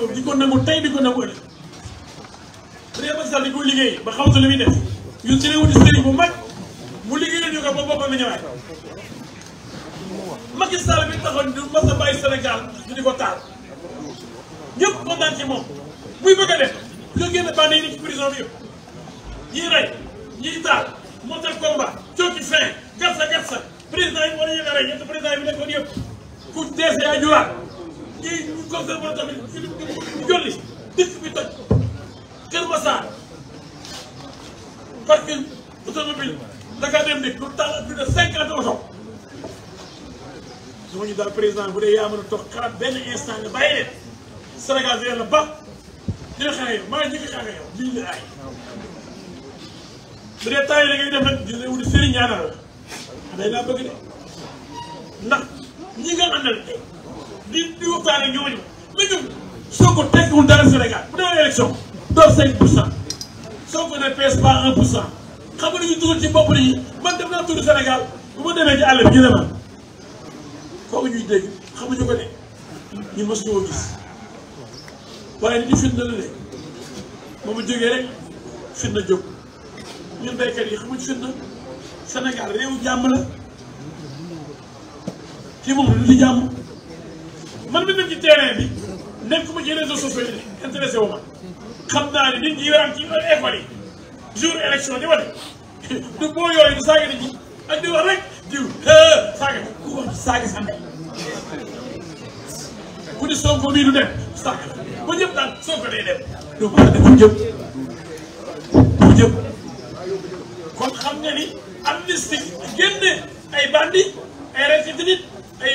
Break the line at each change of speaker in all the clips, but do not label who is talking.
Touba bi di ko nangu tey di ko nangu ëllëg bu dee Macky Sall di ko liggéey ba xamatu li muy def ñun ci lay wuti sëriñ bu mag mu liggéeyal ñu ko ba boppam ñëwaat Macky Sall bi taxoon du mas a bàyyi Sénégal ñu di ko taal ñëpp kontaan ci moom buy bëgg a def bu ñu génne bànnee ni ci prison bi yëpp ñii rey ñii taal monter combat cooki fin gatsa gatsa président yi moo la ñu rey ñett président yi bi nekkoon yëpp ku dees yaa juraat conférence tamit jolli dëkk bi toj Kër Massar parking automobile Dakar Dem Dikk lu taal plus de cinquante oto su ma ñu daal président bu dee yaa mën a toog xalaat benn instant nga bàyyi leen Sénégal dina la ba dina xaar yow maa ngi njëkk a xaar yow lii la ay bu dee temps yi da ngay def nag dina wuti sëriñ ñaanal la day laa bëgg de ne ñooñu la ñu soo ko tekkiwul dara Sénégal bu demee élection door 5 pour cent soo ko ne pèse pas 1 pour cent xam nga dañuy dugal ci bopp yi man dem naa tudd Sénégal bu ma demee ci àll bi ñu ne ma foog ñuy dégg xamuñu ko ne ñu mos ñoo gis waaye li ñu firnde la ne ba mu jógee rek firnde jóg ñun béykat yi xamuñu firnde Sénégal réew jàmm la ci moom lu di jàmm. man mi nekk ci terrain bi nekkuma ci réseaux sociaux yi intéressé wu ma xam naa ne nit ñi war am ci école yi du boo yooyu du saaga nit ñi ak di wax rek diw ku ko saaga sa ndey di Sonko mii du dem saaga la ba ñëpp daal Sonko day du baax dafa jëm du jëm kon xam nga ni amnistie génne ay bandi ay rafet nit ay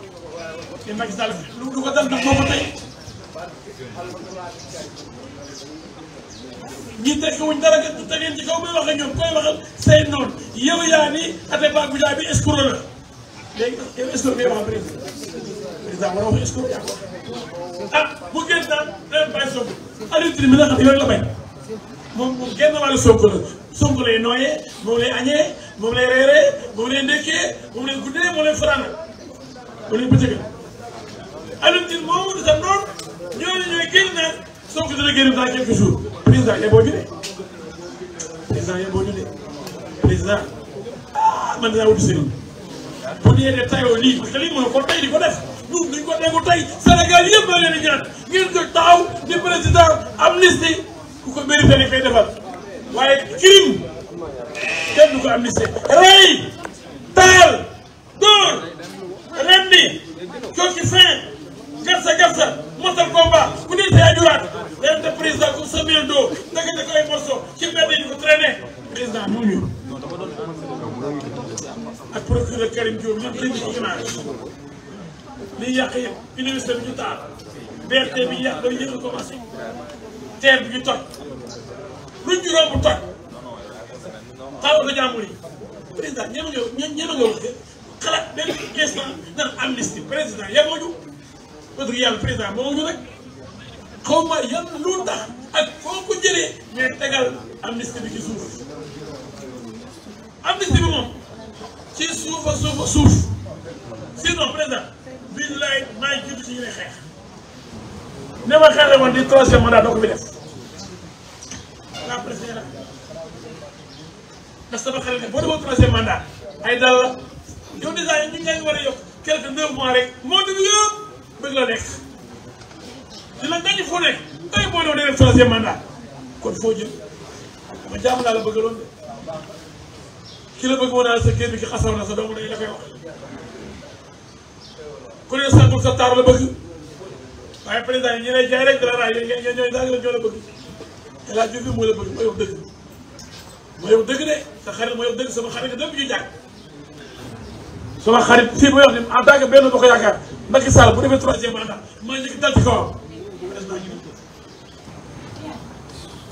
te Macky Sall ñi teg wuñ dara nga te ngeen ci kaw muy wax ak ñoom koy waxal say noonu yow yaa ni Atépa Goudiaby bi escroc la léegi yow escroc ngay wax président président war a wax escroc yaa ko ah bu génn daal day bàyyi Sonko Aliou Tine mi nga xam ne yooyu la bañ moom moom la Sonko lay moom lay añee moom moom lay ndekkee guddee moom lay fanaanal moom lay bëccëgal Alioune Tine moomu di sa ndoom ñooñu ñooy génn naan soo ko dana génn dans quelques jours président yeboo ñu de président yeboo ñu de président ah man dinaa wuti sëriñ bu dee de tayoo lii parce que lii mën ko tay di ko def ñun duñ ko déggu tay Sénégal yëpp la leen di ñaan ngeen jóg taxaw di président amnistie ku ko mérité ni koy defal waaye crime kenn du ko amnistie rey taal dóor rendi coci fin yar sa gerte mosal combat ku nit sa ajuwaat ren te président o sa mil doo dëgg da koy morso ci mbedd yi ko traîné président mu ñu ak procureur Karim Diop o dañu ci image li yàq yëpp université bi ñu taal BRT bi ñu yàq dañu yëngu commencé teer bi ñu toj lu juróom bu toj xaw ko jàmbur président ñeme nga ñeme nga wax xalaat benn instant naan amnistie président yemoo parce que yàlla président moom ñu nag xaw ma yan lu tax ak foo ko jëlee mais tegal amnistie bi ci suuf amnistie bi moom ci suufa suufa suuf sinon président billaay maay jiitu si ñu ne xeex ne ma xeexle woon di troisième mandat doo ko fi def la président la ndax sama xel ne boo demoon troisième mandat ay dal la yow dèjà ñu ngi war a yokk quelques neuf mois rek moo dugg yëpp bëgg la nekk dina gañ fu nekk tey boo ñëw dee troisième mandat kon foo jëm ma jàmm laa la bëgg loon de ki la bëgg woon naa sa kër bi ki xasaw na sa doomu day la koy wax ku ne santul sa taar la bëgg waaye président yi ñu lay jaay rek dara raay yéen ñoo ñooy daal la ñoo la bëgg te laa jur gi moo la bëgg mooy wax dëgg mooy wax dëgg de sa xarit mooy wax dëgg sama xarit dëgg ñu jàkk sama xarit fii mooy wax ni en tant que benn boo ko yaakaar Macky Sall bu defee troisième mandat maa ngi dal ci kawam président ñu ko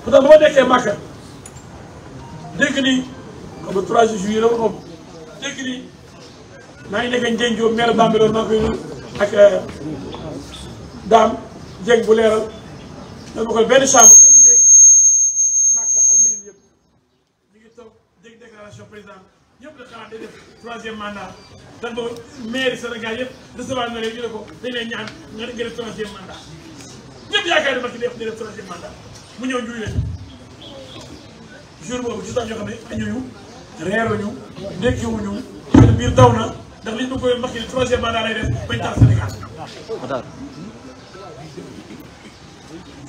pourtant bu ma nekkee Màkka dégg ni comme 3 juillet la ma xam dégg ni maa ngi nekk ak euh, Dame Dieng bu leeral dama ko benn chambre de temps de def troisième mandat te boobu maire Sénégal yëpp recevoir na leen ñu ne ko dañ leen ñaan nga def troisième mandat ñëpp yaakaar na ma ki def def troisième mandat mu ñëw njuuy boobu ci ñoo xam ne añuñu reeruñu ndekkiwuñu seen biir daw na ndax liñ bëgg koy makki ne troisième mandat lay def taal Sénégal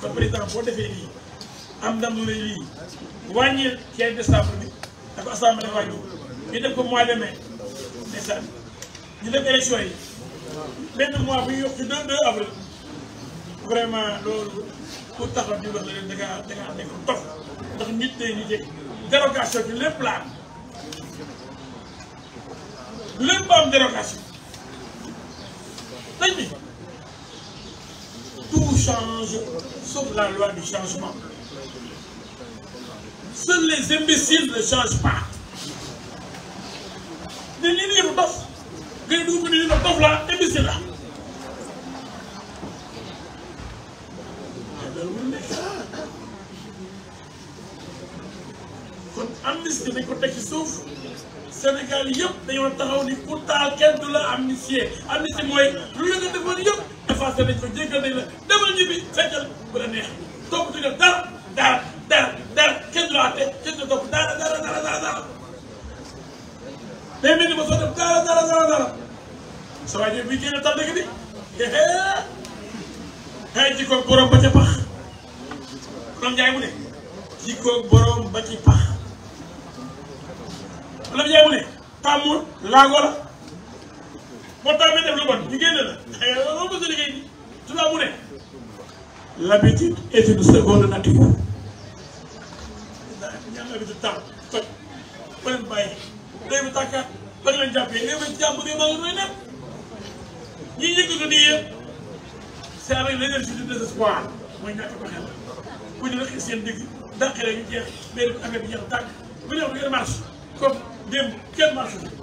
kon président boo defee lii Il def ko moi de c'est ça. ñu est élection yi benn mois bu ñu yokk le 2 avril vraiment loolu pour taxaw di wax la da ngaa plan, le nekk dérogation bi dérogation tout change sauf la loi du changement seuls les imbéciles ne changent pas ne lii yëfu dof nga ne dugub bi nii dof laa imbécile la. kon amnistie dañ ko teg ci suuf Sénégal yëpp dañoo taxaw ni ku taal kenn du la amnistie amnistie mooy lu la nga defoon yëpp effacé nañ ko jéggal nañ la demal ñibbi feccal bu la neex toppatoo nga dara dara dara dara kenn du la àtte kenn du la topp dara dara dara dara. day mel ni ba soo def dara dara dara dara sa waay jëf bi génn tal dëgg di ay jikkoog borom ba ca pax maanaam Ndiaye mu ne jikkoog borom ba ci pax maanaam Ndiaye mu ne tàmmul laago la boo tàmmee def lu bon ñu génn la xëy na loolu mos a liggéey bi tubaab mu ne l'habitude est une seconde nature. réew mi tàkkaat ba leen jàppee réew mi ci jàmm réew maa ngi doy nekk ñi yëngatu nii yëpp c'est avec l'énergie du désespoir mooy ñàkk ko xel bu ñu rek seen digg dàqee ñu jeex mais affaire bi jeex tàkk bu ñu wax du ngeen marche comme démb kenn marche